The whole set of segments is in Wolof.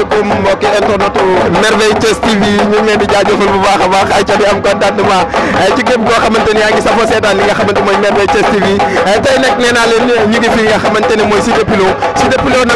asalaamaaleykum mbokki internet Merveille Thiès TV ñu ngi leen di jaajëfal bu baax a baax ay ca di am contentement ci képp koo xamante yaa ngi safoo seetaan li nga xamante mooy Merveille Thiès TV tey nag nee naa leen ñu ngi fi nga xamante mooy Cité Pilot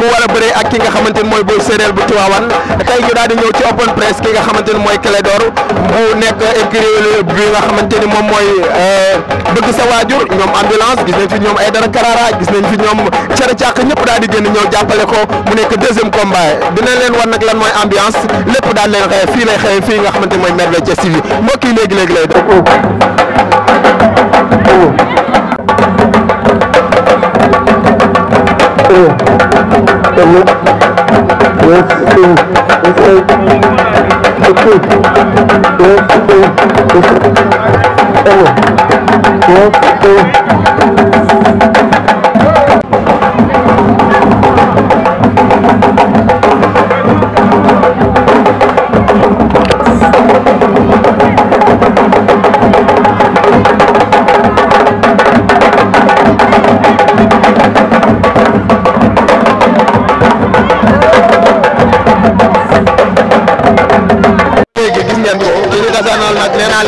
mu war a bëree ak ki nga xamante mooy Boy Séréer bu Tiwaawan tey ñu daal ñëw ci open press ki nga xamante mooy Clédor bu nekk écurie bi nga xamante moom mooy euh, bëgg sa waajur Badior ñoom ambulance gis nañ fi ñoom ay dara Karara gis nañ fi ñoom cere càq ñëpp daal di génn ñëw jàppale ko mu nekk deuxième combat dinañ leen wan nag lan mooy ambiance lépp daal leen xëye fii lay xëye fii nga xamante mooy Merveille Thiès TV mbokk yi léegi léegi foto gis ngeen ko li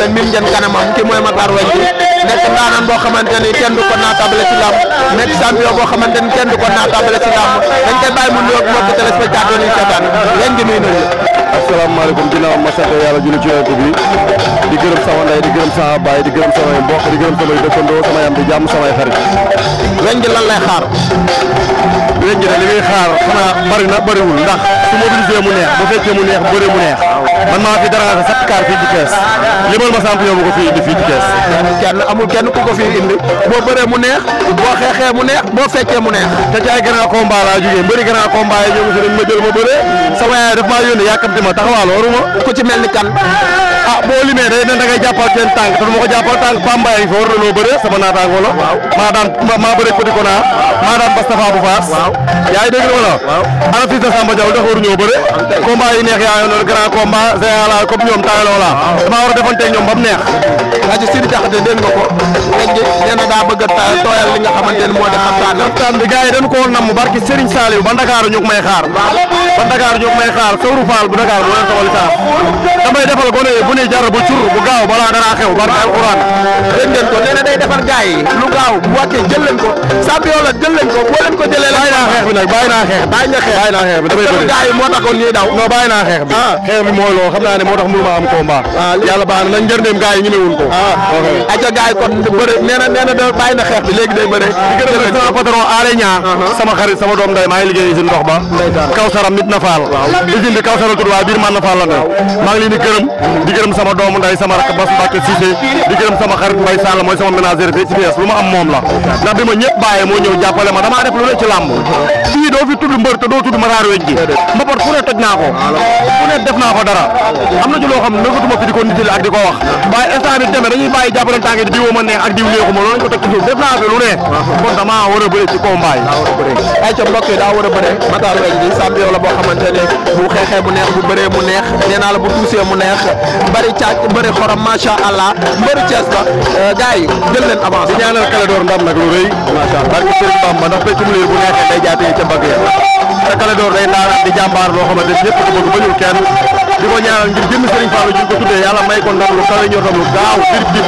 ñu mim kanamam ki mooy Matar Wandji nekk ndaanaan boo xamante ni kenn du ko naatable ci làmb nekk champion boo xamante ni kenn du ko naatable ci làmb dañ koy bàyyi mu nuyoog mbokk téléspectateur yi seetaan leen di nuyu nuyu. asalaamaaleykum ginnaaw ma sant yàlla julli ci yonent bi di gërëm sama ndey di gërëm sama baay di gërëm samay di gërëm samay am di jàmm samay xarit. ren ji xaar. dinañ jëlee li ngay xaar xanaa bari na bariwul ndax su mobilisé mu neex bu fekkee mu neex bëre mu neex man maa fi dara sax kaar fii ci kees li ma la ma sant yow ko fii indi fii ci kees. kenn amul kenn ku ko fii indi boo bëree mu neex boo xeexee mu neex boo fekkee mu neex. te ci ay grand combat laa jógee mbëri grand combat yi ñoom ma jël ma bëree sama yaay daf maa yónnee yàkkamti ma taxawal waruma ku mel ni kan ah boo limee day ne da ngay jàppal seen tànk te du ma ko jàppal tànk a yi fa war na loo bëree sama naataango la maa daan maa bëre Petit a maa daan Bastafa bu Faas yaa ngi dégg wala waaw a fils de Samba a ndax waruñoo bëre combat yi neex yaa ngi noonu grand combat général comme ñoom taaloo la dama war a defanteeg ñoom ba mu neex waa ji Sidi Diakhaté dégg nga ko léegi nee na daa bëgg a tooyal li nga xamante ne moo di xamtaan xamtaan bi gars yi dañ koo namm barki Serigne Saliou ba Dakar ñu ko may xaar ba Dakar ñu ko may xaar Sawru Fall bu Dakar moo leen tawal saaf damay defal gone bu ne jar bu cur bu gaaw balaa dara xew barki alquran dégg ko nee day defar gars lu gaaw bu wàccee jël leen ko sàmp jël leen ko boo leen ko jëlee la naa xeex bi nag bàyyi naa xeex bàyyi nga xeex bàyyi naa xeex bi damay bëri gars yi moo taxoon ñuy daw non bàyyi naa xeex bi ah. xeex bi mooy loo xam naa ne moo tax mënuma am combat ah, yàlla baax na nag njërndeem gars yi ñemewuñ ko aca ah. gars yi kon bëri nee na nee na da bàyyi na xeex bi léegi day bëri di gërëm nag sama patron Alé Niang uh-huh. sama xarit sama doom nday maa ngi liggéey usine ndox ba Kawsara mit na faal usine bi Kawsara tur waa biir man na faal la ne maa ngi leen di gërëm di gërëm sama doomu nday sama rak Bass Mbacke Cissé di gërëm sama xarit Mbaye Sall mooy sama ménagère fii ci Thiès lu ma am moom la ndax bi ma ñëpp bàyyee moo ñëw jàppale ma damaa def lu ne ci làmb fii doo fi tudd mbër te doo tudd Matar Weñ gi mbapat fu ne toj naa ko fu ne def dara am na ci loo xam ne nëkkatuma fi di ko nittali ak di ko wax waaye instant bi demee dañuy bàyyi jàppale tànk di diwuma neex ak diw loolu lañ ko teg ci def naa fi lu ne kon dama war a bëri ci combat yi ay ca mbokk daa war a bëre Matar Weñ gi champion la boo xamante ne bu xeexee mu neex bu bëree mu neex nee la bu tuusee mu neex bëri caac bëri la gars yi jël leen avance di ñaanal Clédor ndam nag lu rëy barke Sëriñ jaatee ca mbagg ya te Clédor day di jàmbaar loo xamante ni ñëpp ko bëgg bañul kenn di ko ñaanal ngir jëmmi Serigne Fallou ñu ko tuddee yàlla may ko ndam lu kawe ñortam lu gaaw firib jib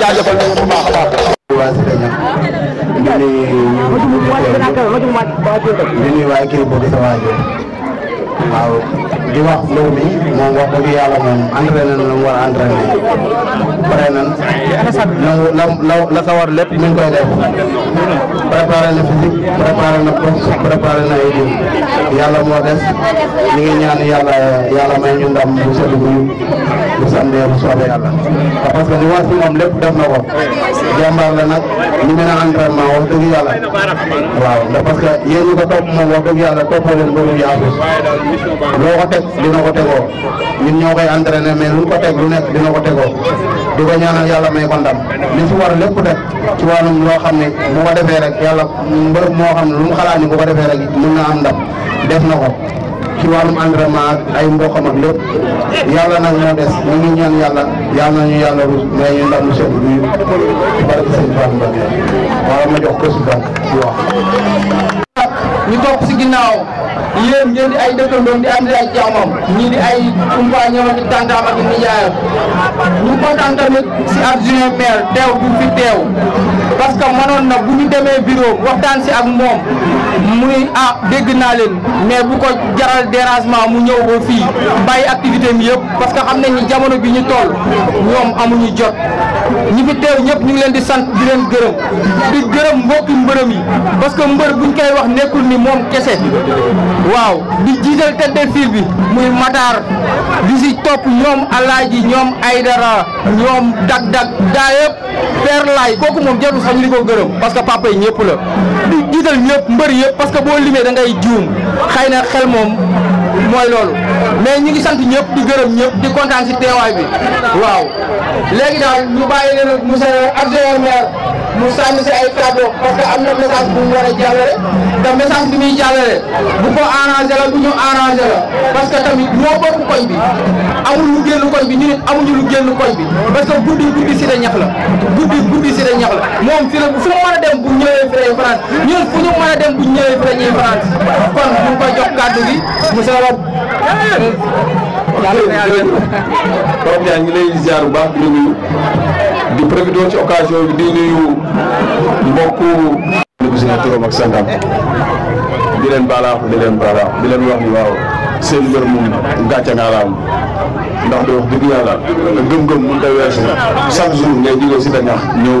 jaajëf a baax di nuyu waa waaw di wax loolu mi moom wax dëgg yàlla moom entraîné na la mu war a entraîné pare nan la la la sa war lépp mi ngi koy def préparé na physique préparé na boxe préparé na ay jiw yàlla moo des ñu ngi ñaan yàlla yàlla may ñu ndam bu sedd bu bu sàndee bu soobee yàlla parce que li war si moom lépp def na ko jàmbaar la nag ñu mën a entraînement wax dëgg yàlla waaw parce que yéen ñi ko topp moom wax dëgg yàlla toppoo leen bëgg loo ko teg dina ko tegoo ñun ñoo koy entraîné mais lu ko teg lu nekk dina ko tegoo di ko ñaanal yàlla may ko ndam li si war lépp de ci wàllum loo xam ne bu ko defee rek yàlla mbër moo xam ne lu mu xalaat ko defee rek mën na am ndam def na ko ci wàllum entraînement ak ay mbokkam ak lépp yàlla nag moo des ñu ngi ñaan yàlla yàlla nañu yàlla may ñu ndam lu set bi barke sëñ Bamba ma jox ko si wax ñu topp si ginnaaw yéen ngeen di ay dëkkandoom di am di ay jaamam ñii di ay compagnon di tantaam ak nijaayam ñu kontaan tamit si adjoint maire teew bu fi teew parce que mënoon na bu ñu demee bureau waxtaan si ak moom mu ni ah dégg naa leen mais bu ko jaral dérangement mu ñëw ba fii bàyyi activité mi yëpp parce que xam nañ ni jamono bi ñu toll ñoom amuñu jot ñi fi teew ñëpp ñu ngi leen di sant di leen gërëm di gërëm mbokki mbërëm yi parce que mbër buñ koy wax nekkul ni bi moom kese waaw di jiital tête de file bi muy Matar di si topp ñoom Alaaji ñoom Aydara ñoom Dag Dag gaa yëpp Père Laay kooku moom jarul sax li ko gërëm parce que papa yi ñëpp la di jiital ñëpp mbër yëpp parce que boo limee da ngay juum xëy na xel moom mooy loolu mais ñu ngi sant ñëpp di gërëm ñëpp di kontaan si teewaay bi waaw léegi daal ñu bàyyi leen monsieur adjoint maire mu sànni si ay kàddoom parce que am na message bu mu war a jàllale te message bi muy jàllale bu ko arrangé la bu ñu arrangé parce que tamit ñoo bokk koñ bi amul lu génn koñ bi ñu nit amuñu lu génn koñ bi parce que guddi guddi si da ñax la guddi guddi si da ñax la moom fi mu mën dem bu ñëwee fi lay France ñun fu ñu mën a dem bu ñëwee fi la ñuy France kon ñu ngi koy jox kàddu gi monsieur Wade yàlla na yàlla na ñu lay ziar bu baax di nuyu di prévu do ci occasion bi di nuyu mbokk ñu gis na torom ak sangam di leen balax di leen balax di leen wax ni waaw seen mbir mu gàcce nga laam ndax di wax dëgg yàlla gëm-gëm mu ta weesu chaque jour ngay jóge si dañax ñëw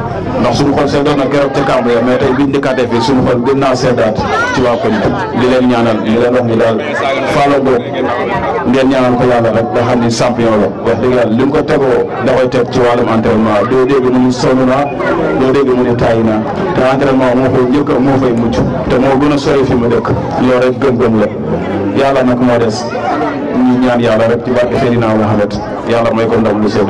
ndax suñu xol seddoon na keroog ca kàmb ya mais tey biñ dikkaatee fii suñu xol gën naa seddaat ci waa koñ li leen ñaanal li leen wax ni daal faalo boobu ngeen ñaanal ko yàlla rek nga xam ni champion la wax di yàlla li mu ko tegoo da koy teg ci wàllum entraînement doo dégg mu ni sonn naa doo dégg mu ni tàyyi naa te moo koy njëkk moo fay mucc te moo gën a sori fi ma dëkk yow rek gëm-gëm la yàlla nag moo des ñu ñaan yàlla rek ci barke Seydina Mohamed yàlla may ko ndam lu sedd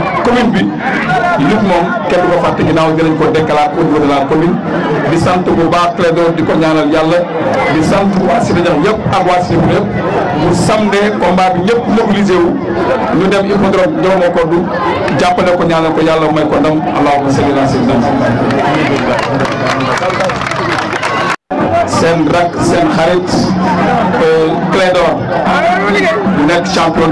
commune bi lutte moom kenn du ko fàtte ginnaaw dinañ ko déclaré au niveau de di sant bu baax Clédor di ko ñaanal yàlla di sant waa Cité Niax yëpp ak waa Cité yëpp mu samdee combat bi ñëpp mobilisé wu ñu dem hippodrome Ndiobama Koddu jàppale ko ñaanal ko yàlla may ko ndam allahumma salli ala sayyidina seen rak seen xarit euh, Clédor nekk champion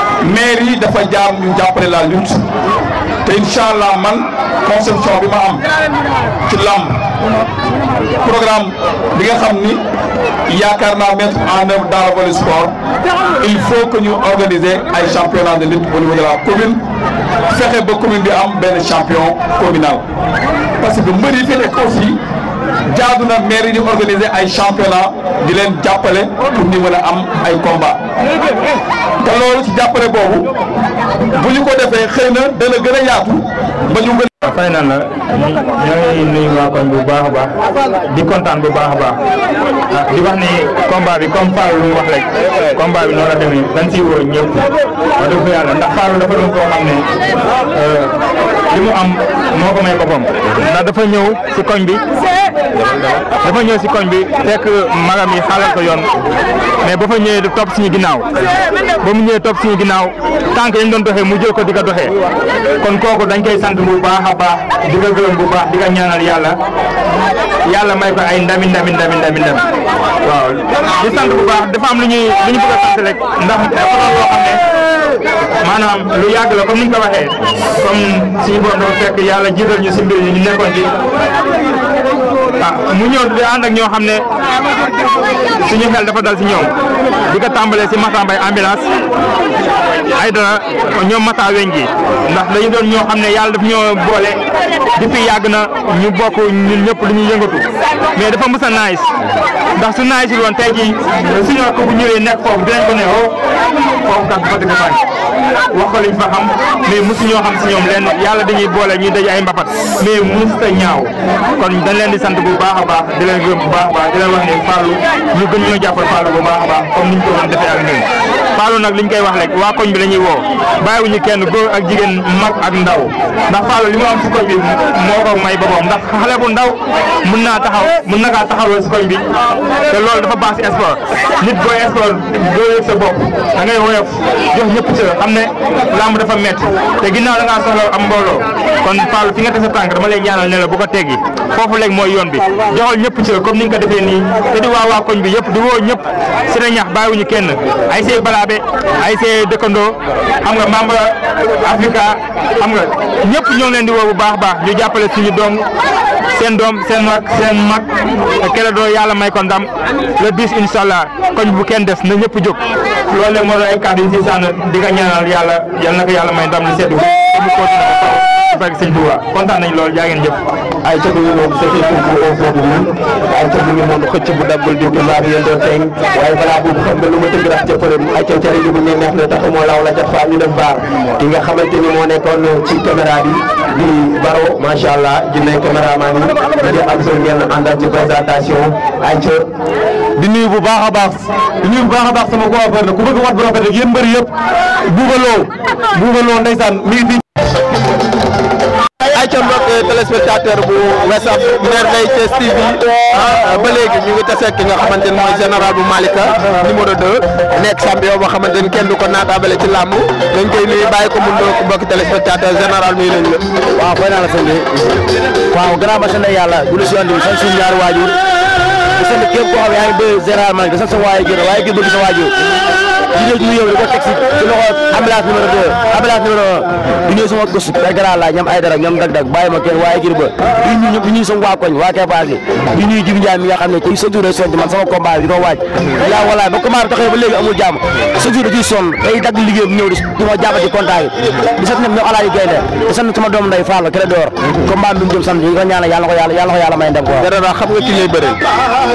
Mairie de dafa jaar ñu la lutte té inshallah man conception bi ma am ci lamb programme bi nga xam ni yaakaar mettre en œuvre dans le volet sport il faut que ñu organiser ay championnat de lutte au niveau de la commune fexe ba commune bi am benn champion communal parce que mbër yi fi nekk aussi jaadu na maire yi di organiser ay championnat di leen jàppale pour ñu mën a am ay combat te loolu ci jàppale boobu bu ñu ko defee xëy na dana gën a yaatu ba ñu waaw fay nan la ñoo ngi waa koñ bu baax a baax di kontaan bu baax a baax ah, di wax ni combat bi comme Fallou lu mu wax rek combat bi noonu la demee dañ siy woo ñëpp wax dëgg yàlla ndax Fallou dafa doon koo xam ne. Euh, li mu am moo ko may boppam ndax dafa ñëw si koñ bi dafa ñëw si koñ bi fekk magam yi xaalal ko yoon mais ba fa ñëwee topp suñu ginnaaw ba mu ñëwee topp suñu ginnaaw tànk yi ñu doon doxee mu jël ko di ko doxee kon kooku dañ koy sant bu baax a baax di ko gërëm bu baax di ko ñaanal yàlla yàlla may ko ay ndami ndami ndami ndami waaw di sant bu baax dafa am lu ñuy lu ñu bëgg a rek ndax dafa loo xam ne maanaam lu yàgg la comme ni ñu ko waxee comme si bëggoon dafa fekk yàlla jiital ñu si mbir yi ñu nekkoon ci mu ñëw di ànd ñoo xam ne suñu xel dafa dal si ñoom di ko tàmbalee si Mata Mbaye ambulance ay dara ñoo Mata weñ gi ndax dañu doon ñoo xam ne yàlla daf ñoo boole depuis yàgg na ñu bokk ñun ñëpp lu ñuy yëngatu mais dafa mës a ndax su nice woon tey jii suñu ko bu ñëwee nekk foofu dinañ ko ne oo oh, foofu kat ba dëgg fàñ wax ko liñ fa xam mais mosu ñoo xam si ñoom leen yàlla dañuy boole ñuy daje ay mbapat mais mos ta ñaaw kon dañ bu baax a baax di leen gërëm a baax di leen wax ne Fallou ñu gën jàppal Fallou bu baax a baax comme ni ñu ko doon defee ak ñun Fallou nag li ñu koy wax rek waa koñ bi la ñuy woo bàyyiwuñu kenn góor ak jigéen mag ak ndaw ndax Fallou li mu am si koñ bi moo ko may boppam ndax xale bu ndaw mun naa taxaw mun na kaa taxawal si koñ bi te loolu dafa baax si sport nit booy sport doo yëg sa bopp da ngay woyof jox ñëpp ci xam ne lamb dafa métti te ginnaaw da ngaa soxla am mbooloo kon Fallou fi nga teg sa tànk dama lay ñaanal ne la bu joxol ñëpp ci comme ni nga ko defee nii te di wa wa koñ bi yépp di wo ñëpp si na ñax ñu kenn ay see balabé ay see dekkando xam nga mamba afrika xam nga ñëpp ñoo leen di wo bu baax baax ñu jàppale suñu doom seen doom seen mag seen mag kere do yalla may ko ndam le bis inshallah koñ bu kenn des na ñëpp jóg loolu mo lay kaddu ci kàddu di nga ñaanal yalla yalla na yalla may ndam li ko mu continuer barke sëñ Touba kontaan nañ lool jaa ngeen jëf ay ca bi moom sa xëy foofu ko foofu moom ay ca bi moom xëcc bu dabbul di ko maaf yéen doon waaye balaa boobu xam nga lu ma tëgg rek jëppalem ay ca cari neex na tax moo la ca fa ñu def baar ki nga xamante ni moo nekkoon ci caméra bi di baro macha allah di nekk caméraman yi di def ak seen ngeen àndal ci présentation ay ca di nuyu bu baax a baax di nuyu bu baax a baax sama coiffeur la ku bëgg ay ca mbokk téléspectateur bu Wesaf mer day Thiès TV ah, ba léegi mu ngi tase ki nga xamante ne mooy général bu Malika numéro 2 nekk champion boo xamante ni kenn du ko naataabale ci làmb dañ koy nuyu bàyyi ko mu ndóol mbokk téléspectateur général mi lañ la. waaw fay naa la sëñ bi waaw grand ma sant yàlla bu si andi sant suñu ñaari waajur di sant képp koo xam yaa Malika sant sa waajur waaye kii bëgg sa waajur. di nuyu yow di ko teg si ci loxo ambulance numéro 2 ambulance numéro 1 di nuyu sama gosu ay grand la ñoom ay dara ñoom dag-dag bàyyi ma kenn waaye gir ba di nuyu ñëpp di nuyu sama waa koñ waa Kepaas yi di nuyu Jibi Ndiaye mi nga xam ne ci chaque jour day sonn man sama combat bi di ko waaj la wala ba commencé taxee ba léegi amul jàmm chaque jour da ciy sonn day dagg liggéey bi ñëw di di ma jàpp ci contact yi di sant ñëpp ñoom alaaji gaynde di sant sama doom nday Fall Kélé Dóor combat bi mu jëm sant ñu ko ñaanal yàlla ko yàlla yàlla ko yàlla may ndem ko xam nga ki ngay bëreel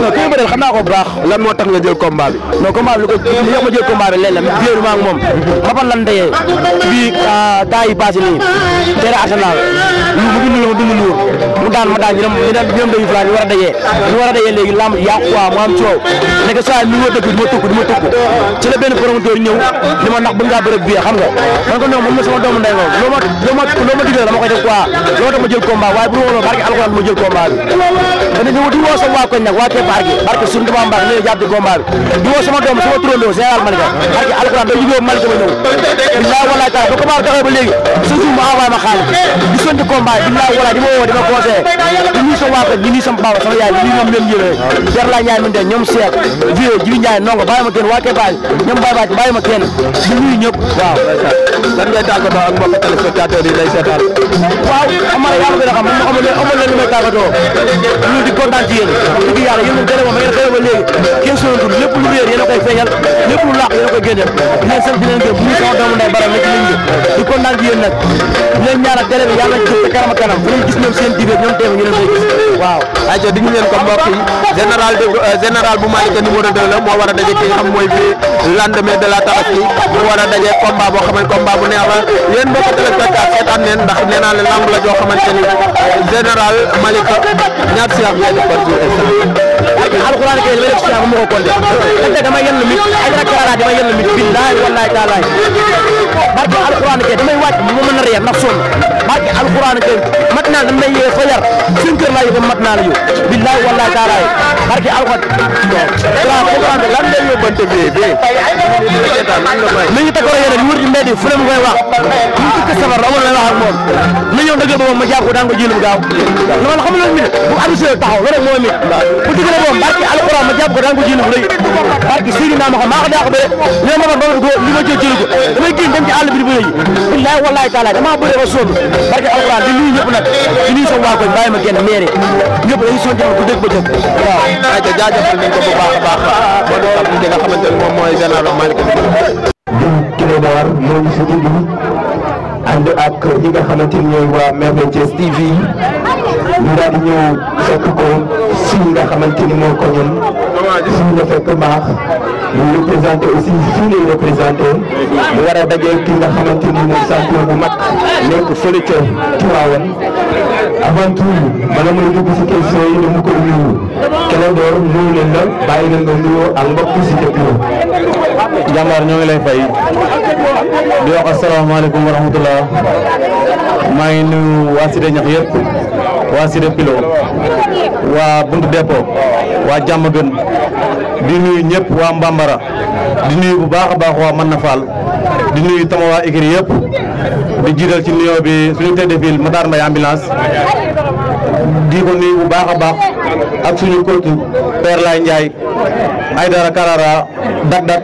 non ki ngay bëreel xam naa ko bu baax lan moo tax nga jël combat bi non combat bi li ko li ma jël combat combat bi léeg-léeg mais biir maa ngi moom. mbapat lan dayee bii ah, temps yi passé nii tere Arsenal lu mu dund la ma dund luur mu daan ma daan ñu dem ñu dem ñoom dañuy faral ñu war a dayee ñu war a dayee léegi lamb yàqu quoi mu am coow nekk saa yi lu ma dëkk di benn promoteur ñëw li ma ma sama doomu ndey moom loo ma ma loo ma digal dama koy def ma jël combat waaye bu ma barke alxuraan ma jël combat di woo sama waa koñ nag waa Képargé barke suñu barke alxuraan day jógee Malick ma ñëw billaay walaay taala ba combat taxaw ba léegi sa jour mu envoyé ma xaalis di sonti combat billaay walaay di ma woo di ma conseillé di nuyu sama waa kër di nuyu sama papa sama yaay di nuyu ñoom leen jëlee jar laa ñaay mënte ñoom seet vie jibi ñaay nongo bàyyi ma kenn waa Kepaay ñoom bàyyi ma kenn di nuyu ñëpp waaw lan ngay tàggatoo ak mbokk téléspectateurs yi lay seetaan a xam man amal leen amal leen lu may tàggatoo a yéen a ko génne di leen sant di leen gërëm bu ñu sama doomu ndey di kontaan ci yéen nag di leen ñaanal télé bi yàlla ci sa kanam kanam euh, bu bu Malika numéro 2 la moo war a daje ki la tabaski mu war a daje combat boo xam ne combat bu neex la yéen mbokk nee naa leen lamb la joo xamante ni général Malika ñaar si ak ñaari parti alxuraan kay li ma def si yàlla ma ko compter te dama yenn mit ay rakkalaa dama yenn mit billaahi wallaahi taalaay barke alxuraan kay damay wàcc bu ma mën a reer ndax sonn barke alxuraan ma mat naa damay yee fa yar suñu kër laa yóbbu mat naa la yóbbu billaahi wallaahi taalaay barke alxuraan lan ngay yóbbante bee bee mi ngi takkoon yéen a wër ci mbedd yi fu leen koy wax mu dëkk safar amul lay wax ak moom na ñëw dëgg ba moom ma jàpp ko daan ko la xam barki alquran ma jàpp ko daan ko jënd bu rëy barki sëriñ naa ma xam maa ko daa ko bëre li ma mën a doon li ma jël jël ko damay génn dem ci àll bi di bëre yi billahi wallahi taala damaa bëre ba sonn barki alquran di nuyu ñëpp nag di nuyu sama waa koñ bàyyi ma génn meere ñëpp dañuy sonn jëm ku dëgg ba dëgg waaw ayca jaajëfal nañ ko bu baax a baax moo doon ak nga xamante ne moom mooy général Malick Kédougar moo ngi si dugg ànd ak ñi nga xamante ni ñooy waa Merveille Thiès TV ñu daal di ñëw fekk ko si nga xamante moo ko ñun fii fekk maax ñu représenté aussi fii lay représenté mu war a dajee ki nga xamante ni moom mag nekk fële ca Tiwaawan avant tout bala may dugg si question yi dama koy nuyu Clédor nuyu leen la bàyyi leen nga nuyoo ak mbokk si dëkk jàmbaar ñoo ngi lay fay di wax asalaamaaleykum wa rahmatulah maa ngi nuyu waa Cité ñax yëpp waa Cité Pilo waa Buntu Dépôt waa jàmm gën di nuyu ñëpp waa Mbambara di nuyu bu baax a baax waa Manna di nuyu tama waa Ikri yëpp di jiital ci nuyoo bi suñu tête de file ambulance di ko nuyu bu baax ak suñu kóotu Père Laye Ndiaye. Aydara Karara Dak Dak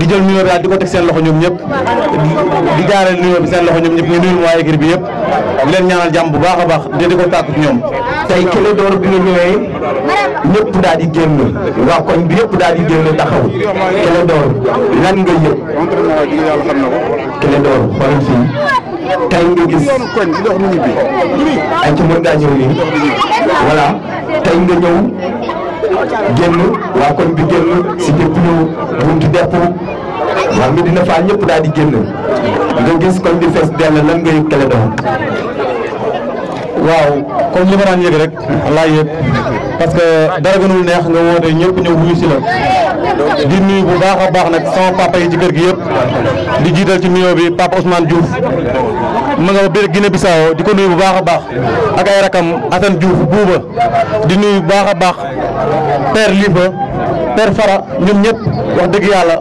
di jël nuyoo bi di ko teg seen loxo ñoom ñëpp di jaaree nuyoo bi seen loxo ñoom ñëpp nga nuyul waa équipe bi yëpp di leen ñaanal jàmm bu baax a baax di ko tàkk ci ñoom. tey kële door bi ñu ñëwee ñëpp daal di génn waa koñ bi yëpp daal di génn taxaw kële door lan nga yëg kële door fii tey nga gis ay ci mën ngaa ñëw nii voilà tey nga ñëw. génn waa koñ bi génn si dëpp ñëw buntu depp waa Medina Fall ñëpp daal di génn nga gis koñ bi fees dell lan nga yëg Clédor waaw comme li ma daan yëg rek laa yëg parce que dara gënul neex nga woote ñëpp ñëw wuyu si la di nuyu bu baax a baax nag sama papa yi ci kër gi yëpp di jiital ci nuyoo bi papa Ousmane Diouf ma nga biir Guinée Bissau di ko nuyu bu baax a baax ak ay rakam Assane Diouf buuba di nuyu bu baax a baax père Fara ñoom ñëpp wax dëgg yàlla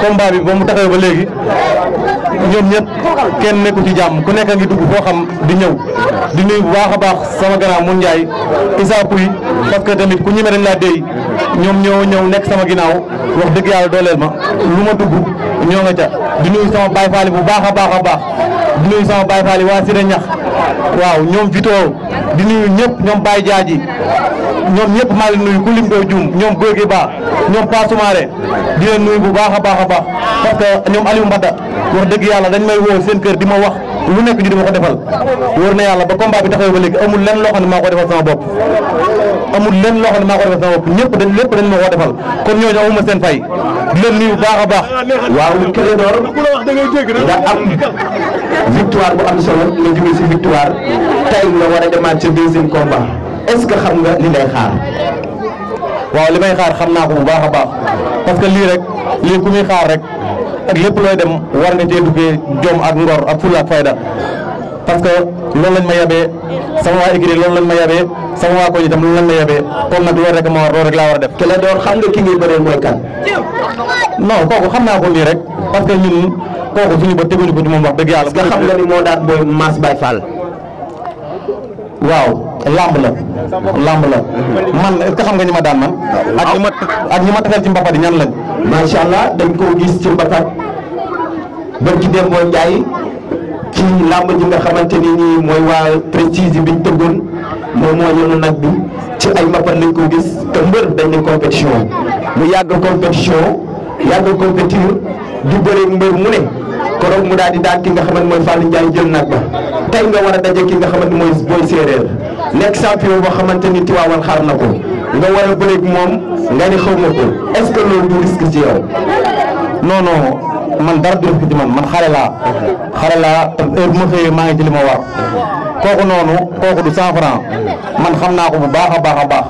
combat bi ba mu taxawee ba léegi ñoom ñëpp kenn nekku ci jàmm ku nekk a ngi dugg foo xam di ñëw di nuyu bu baax a baax sama gannaaw mu Ndiaye Issa Pouy parce que tamit ku ñeme dañ laa déy ñoom ñoo ñëw nekk sama ginnaaw wax dëgg yàlla dooleel ma lu ma dugg ñoo nga ca di nuyu sama baay faali bu baax a baax a baax di nuyu sama baay faali waa Sire Ñax waaw ñoom Vito di nuyu ñëpp ñoom Baye Jaaji ñoom ñëpp maa ngi nuyu ku lim doo juum ñoom góor baax ñoom Pasoumaré di leen nuyu bu baax a baax a baax parce que ñoom Aliou Mbada wax dëgg yàlla dañ may woo seen kër di ma wax lu nekk ñu di ma ko defal wóor na yàlla ba combat bi taxawee ba léegi amul lenn loo xam ne maa ko defal sama bopp amul lenn loo xam ne maa ko ñëpp dañ lépp dañ ma ko defal kon ñooñu amuma seen fay di leen baax a baax waaw Clédor da am victoire bu am solo nga jógee si victoire tey nga war a demaat ci deuxième combat est-ce que xam nga li lay xaar waaw li may xaar xam naa ko bu baax a baax parce que lii rek lii ku muy xaar rek ak lépp looy dem war nga cee duggee jom ak ngor ak fulla ak fayda parce que loolu lañ ma yabee sama waa écrit loolu lañ ma yabee sama waa ko itam loolu lañ ma yabee kon nag loolu rek ma war loolu rek laa war a def. ki doon xam nga ki ngay bëree mooy kan. non kooku xam naa ko nii rek parce que ñun kooku suñu ba teguñu ko ci moom wax dëgg yàlla. nga xam nga waaw lamb la làmb la man est-ce xam nga ñi ma daan man ah. ak ñi ma ak ñi ma tafeel ci mbapat yi ñan lañ macha allah dañ koo gis ci mbapat bërki dem boo njaay ci lamb ji nga xamante ni nii mooy waa prestige biñ tëggoon moom moo yenu nag bi ci ay mbapat lañ ko gis te mbër dañ ne compétition mu yàgg compétition yàgg compétir di bëre mbër mu ne koroog mu daal di daan ki nga xamante mooy Fallou Ndiaye jël nag ba tey nga war a daje ki nga xamante mooy booy séeréer nekk champion boo xamante ni Tivaouane xaar na ko nga war a bëreeg moom nga ni xaw ma ko est-ce que loolu du risque ci yow. non man dara du risque man man xale laa. xale laa heure bu ma xëyee maa ngi ci li ma war. kooku noonu kooku du cent franc man xam naa ko bu baax a baax a baax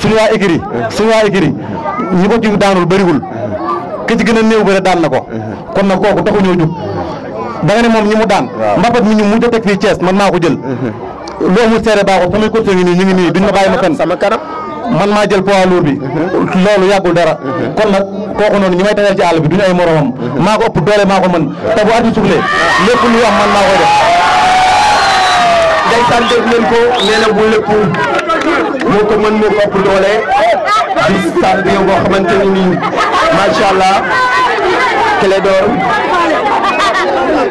suñu waa écrit suñu waa écrit ñi ko ci daanul bëriwul. ki ci gën a néew bëre daan na ko. Mhm. kon nag kooku taxu ñoo jug da nga ne moom ñi mu daan. mbapat mi ñu mujj a fii Thiès man maa ko jël. Mhm. lu amul seere baaxul samay course ngi nii ñu ngi nii duñ ma bàyyi ma fenn sama kanam man maa jël poids lourd bi mhm. loolu yàggul dara kon nag kooku noonu ñi may tawee ci àll bi duñu ay moromam maa ko ëpp doole maa ko mën te bu ati suuflee lépp lu am man maa koy def ndeysaan dégg leen ko nee bu lépp moo ko mën moo ko doole di stade bi boo xamante ne nii macha allah Clédor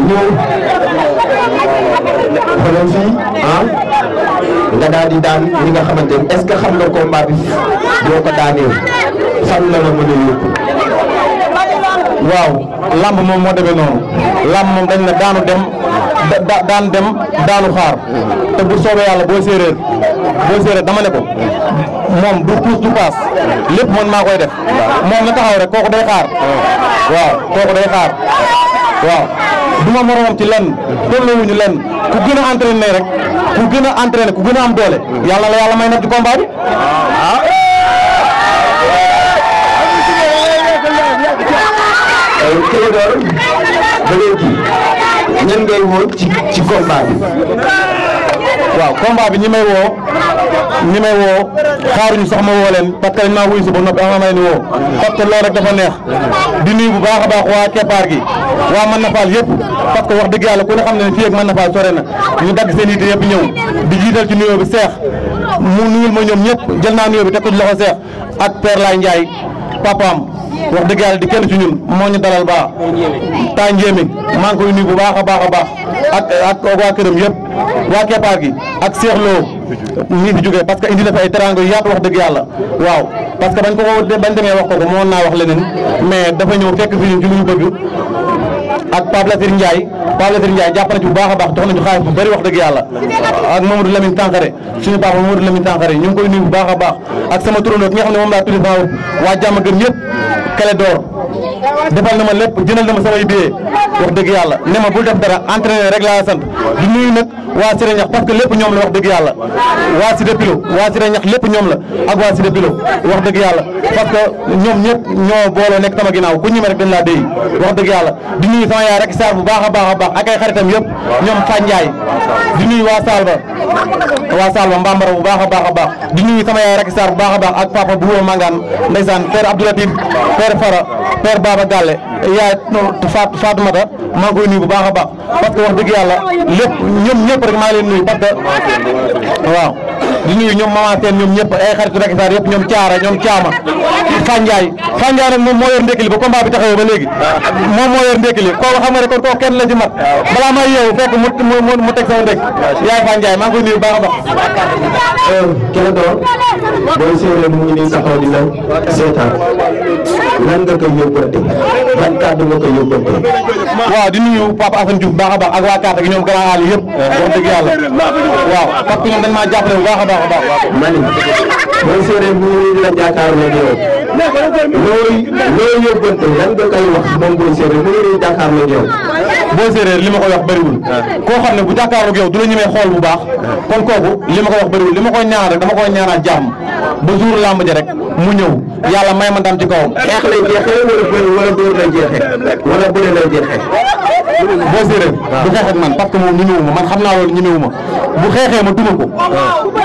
ñëw xoolal fii ah. nga daal di daan li nga xamante ni est-ce que xam bi boo ko daaneel fan la la mën a yóbbu. waaw lamb moom moo demee noonu lamb moom dañ ne daanu dem da daan dem daanu xaar te bu soobee yàlla boo séeréer boo séeréer dama ne ko moom du puus du paas lépp man maa koy def moom na taxaw rek kooku day xaar waaw kooku day xaar waaw du ma ci lenn tolluwuñu lenn ku gën a entraîné rek ku gën a entraîné ku gën a am doole yàlla la may na ci combat bi kon Clédor Balenty ngay woo ci ci combat bi. waaw combat bi ñi may xaaruñu sax ma woo leen parce que dañ maa ba noppi am na ni woo parce loolu rek dafa neex di nuyu bu baax a baax waa keppaar gi waa ma na faal yëpp parce que wax dëgg yàlla ku ne xam ne fii ak man na faal sore na ñu dagg seen yitte yëpp ñëw di jiital ci nuyoo bi seex mu nuyul ma ñoom ñëpp jël naa nuyoo bi teg ko loxo seex ak Père Laye Ndiaye papaam wax dëgg yàlla di kenn ci ñun moo ñu dalal baax taa njéemi maa ngi koy bu baax a baax a baax ak ak waa këram yëpp waa gi ak Cheikh Lo ñi fi jógee parce que indi na fi ay teraanga yu dëgg yàlla waaw parce que bañ ko ko wax ko naa wax leneen mais dafa ñëw lu ñu bëgg ak Pape Latir Ndiaye Pape Latir Ndiaye jàpp bu baax a baax jox nañu xaalis bu bëri wax dëgg yàlla ak Mamadou Lamine Tankare suñu papa Mamadou Lamine Tankare ñu ngi baax a baax ak sama turandoo ki xam ne moom laa tudd waa jàmm gën yëpp kala door defal na ma lépp jëndal na ma samay billet wax dëgg yàlla ne ma def dara entraîneur rek laa sant di nuyu nag waa Siré Ñax parce lépp ñoom la wax dëgg yàlla waa Siré Pilo waa Siré Ñax lépp ñoom la ak waa Siré Pilo wax dëgg yàlla parce que ñoom ñëpp ñoo booloo nekk sama ginnaaw ku ñime rek dañ laa déy wax dëgg yàlla di nuyu sama yaay rek saar bu baax a baax a baax a ay xaritam yëpp ñoom Fanjaay di nuyu waa waa Salba Mbambara bu baax a baax a baax di nuyu a Baba Galle yaay Fatou Fatoumata maa ngi koy nuyu bu baax a baax parce wax dëgg yàlla lépp ñoom ñëpp rek maa ngi leen nuyu parce waaw di nuyu ñoom maman seen ñoom ñëpp ay xaritu rek saar yëpp ñoom caara ñoom caama Fanjaay Fanjaay nag moom moo yor ndékkili ba combat bi taxawee ba léegi moom moo yor ndékkili kooku xam nga ne kon kooku kenn la ci mat balaa may yeewu fekk mu mu teg sama ndékk yaay Fanjaay maa ngi koy nuyu bu baax a euh, lan nga koy yóbbante ban kàddu nga koy yóbbante waaw di nuyu Papa Assane Diouf baax a baax ak waa Kaata ak ñoom grand Ali yëpp eh, wax dëgg yàlla waaw parce que ñoom dañ maa jàppale bu baax a baax a baax mani mooy séeréer bu ñu la jàkkaarloo ak nga koy wax moom booy séeréer mu ngi lay ma koy wax bëriwul ah. koo xam ne bu jàkkaarloo ak yow du la ñemee xool bu baax kon kooku li ma koy wax bëriwul jeexee wala bëri wala dóor lay jeexee wala bëri lay jeexee. boo séeréer bu xeex man parce que moom ñemewu ma man xam naa loolu ñemewu ma bu xeexee ma duma ko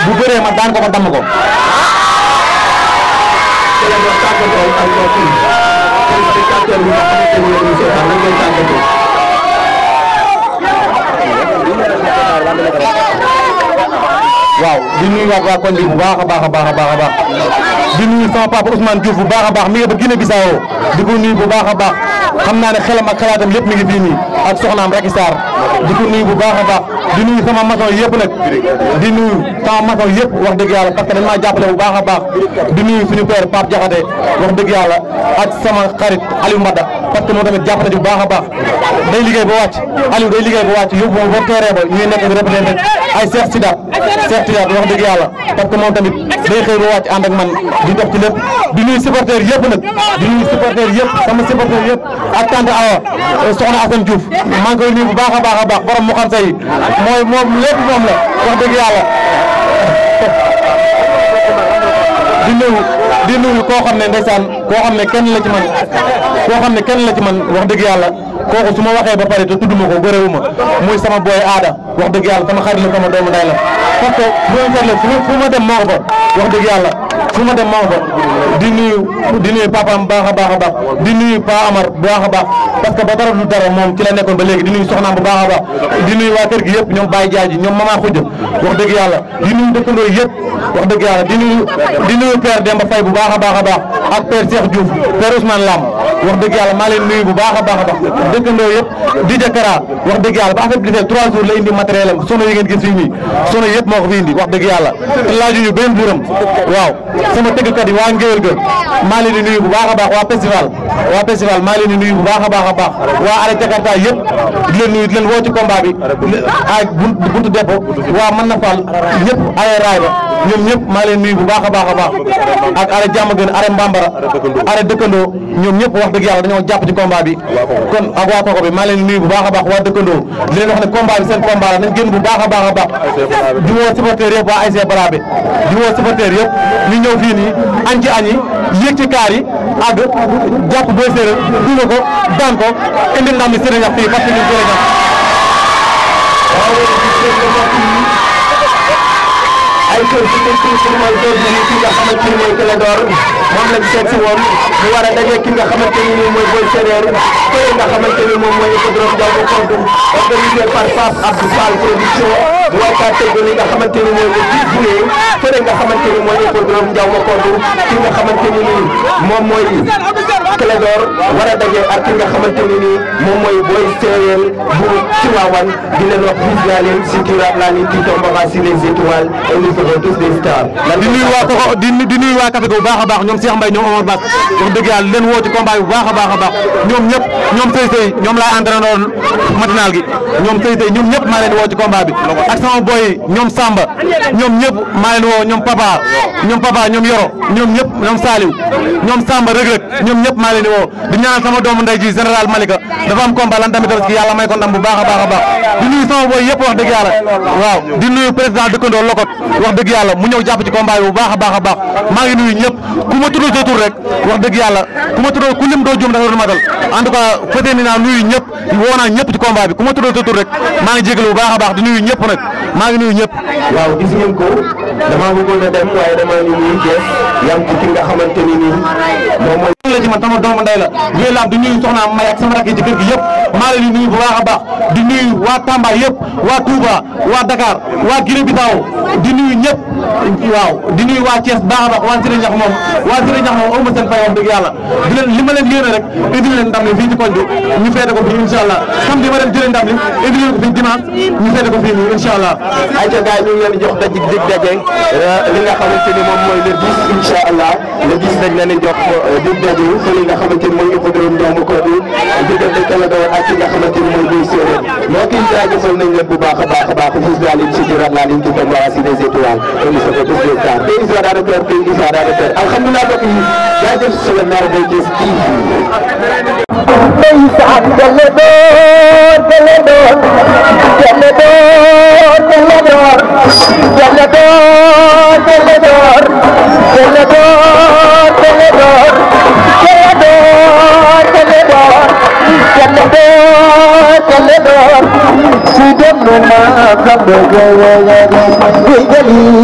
bu bëree ma daan ko fa damm ko. waaw di nuyu bi bu baax a baax a baax a baax a baax. di nuyu sama papa Ousmane Diouf bu baax a baax mi ngi ba Guinée Bissau di ko nuyu bu baax a baax xam naa ne xelam ak xalaatam lépp mi ngi fii nii ak soxnaam Racky di ko nuyu bu baax a baax di nuyu sama maçon yëpp nag di nuyu sama maçon yëpp wax dëgg yàlla parce que dañ maa jàppale bu baax a baax di nuyu suñu père Pape Diakhaté wax dëgg yàlla ak sama xarit Aliou Mbada parce que moom tamit jàpp na ci bu baax a baax day liggéey ba wàcc Aliou day liggéey ba wàcc yóbbu moom ba ba ñuy nekk di représenté ay Cheikh Sidaat Cheikh Sidaat wax dëgg yàlla parce que moom tamit day xëy ba wàcc ànd ak man di def ci lépp di nuyu supporter yëpp nag di nuyu supporter yëpp sama supporter yëpp ak tante euh, soxna Assane Diouf maa koy nuyu bu baax a baax a baax borom mu xam say mooy moom lépp moom la wax dëgg di nuyu di nuyu koo xam ne ndeysaan koo xam ne kenn la ci man koo xam ne kenn la ci man wax dëgg yàlla kooku su ma waxee ba pare te tudd ma ko góorewu ma muy sama booy aada wax dëgg yàlla sama xarit la sama doomu nday la parce que bu ma farle fu ma dem moo ko fa wax dëgg yàlla fu ma dem maa ko di nuyu di nuyu papaam baax a baax a baax di nuyu Pa Amar baax a baax parce que ba dara du dara moom ci la nekkoon ba léegi di nuyu soxnaam bu baax a baax di nuyu waa kër gi yëpp ñoom Baye Jaaji ñoom Mama Xuja wax dëgg yàlla di nuyu dëkkandoo yëpp wax dëgg yàlla di nuyu di nuyu Père Demba bu baax a baax a ak Père Cheikh Diouf Père Ousmane Lam wax dëgg yàlla maa leen nuyu bu baax a a baax dëkkandoo yëpp di jëkkëraa wax dëgg yàlla ba affaire bi defee trois jours la indi matériel am sono yi ngeen gis fii nii sono yëpp moo ko sama tëggkat yi waa Ngéwél ga maa leen di nuyu bu baax a baax waa festival waa festival maa leen di nuyu bu baax a baax a baax waa Ala Jakarta yëpp di leen nuyu di leen woo ci combat bi ak buntu dépôt waa mën na faal ñëpp ay raay ba ñoom ñëpp maa leen nuyu bu baax a baax a baax ak are jàmm gën are mbambara are dëkkandoo ñoom ñëpp wax dëgg yàlla dañoo jàpp ci combat bi kon ak waa koko bi maa leen nuyu bu baax a baax waa dëkkandoo di leen wax ne combat bi seen combat la nañ bu baax a baax a baax di woo yëpp waa ASC Balabe di woo supporter yëpp ñu ñëw fii nii añ ci añ yi ci kaar yi àgg jàpp boo séeréer duuma ko daan ko indi ndam li Siré Niax fii parce que ñun ay kër ci kër ci surmal doon yi ki nga xamante ni mooy Clédor moom lañ seet si woon mu war a daje ki nga xamante ni mooy Boy Séréer kër nga xamante ni moom mooy hippodrome Diaw Koldou organisé par Pape Abdou Fall production mu war kaa tëgg li nga xamante ni mooy le 10 juillet kër nga xamante ni mooy hippodrome Diaw Koldou ki nga xamante ni moom mooy Clédor war a daje ak ki nga xamante ne nii moom mooy Boy Séeréer bu Tiwaawan di leen wax gis naa leen si kiraat naa leen kii tombera si les étoiles et nous serons tous des stars. di nuyu waa koko di nuyu waa café bu baax a baax ñoom Cheikh Mbaye ñoom Omar Bass wax dëgg yàlla leen woo ci combat bu baax a baax a baax ñoom ñëpp ñoom sëy sëy ñoom laa entraîneur matinal gi ñoom sëy sëy ñoom ñëpp maa leen woo ci combat bi ak sama boy maa leen di woo di ñaanal sama doomu ndey ji général Malika dafa am combat lan tamit tabaski yàlla may ko ndam bu baax a baax a baax di nuyu sama boy yëpp wax dëgg yàlla waaw di nuyu président dëkkandoo lokot wax dëgg yàlla mu ñëw jàpp ci combat bu baax a baax a baax maa ngi nuyu ñëpp ku ma tuddal sa tur rek wax dëgg yàlla ku ma tuddal ku lim doo juum dafa doon matal en maa ngi jégalu bu baax a baax di nuyu ñëpp nag maa ngi nuyu ñëpp waaw gis ngeen ko damaa a la ci man sama doomu ndey la wéy laam di nuyu soxna May ak sama rakk yi di nuyu bu baax a baax di nuyu waa Tamba yëpp waa Touba waa Dakar waa di nuyu ñëpp waaw di nuyu wa Thiès baax a baax waa Sëriñ Ñax moom waa Sëriñ Ñax moom awma seen fay wax dëgg yàlla di li ma leen yéene rek indi leen ndam li fii ci koñ bi ñu ko fii incha allah samedi ma dem jëlee ndam li indi leen ko fii dimanche ñu feete ko fii nii incha allah ay ca gars yi ñu ngi leen jox daj dig daje euh, li rajo fa li nga xamante ni mooy ñu ko doon doomu ko bi diggante Clédor ak ki nga xamante ni mooy Boy Séeréer moo kii jaajëfal nañ leen bu baax a baax a baax fils de la Lune si diran la Lune di dem waa si des étoiles on est sur le bés des stars pays Isa daa defar pays Isa daa defar alhamdulilah mbokk yi jaajëf si la naar Boy Thiès TV Isa Clédor Clédor Clédor Clédor Clédor Clédor Clédor Thank you.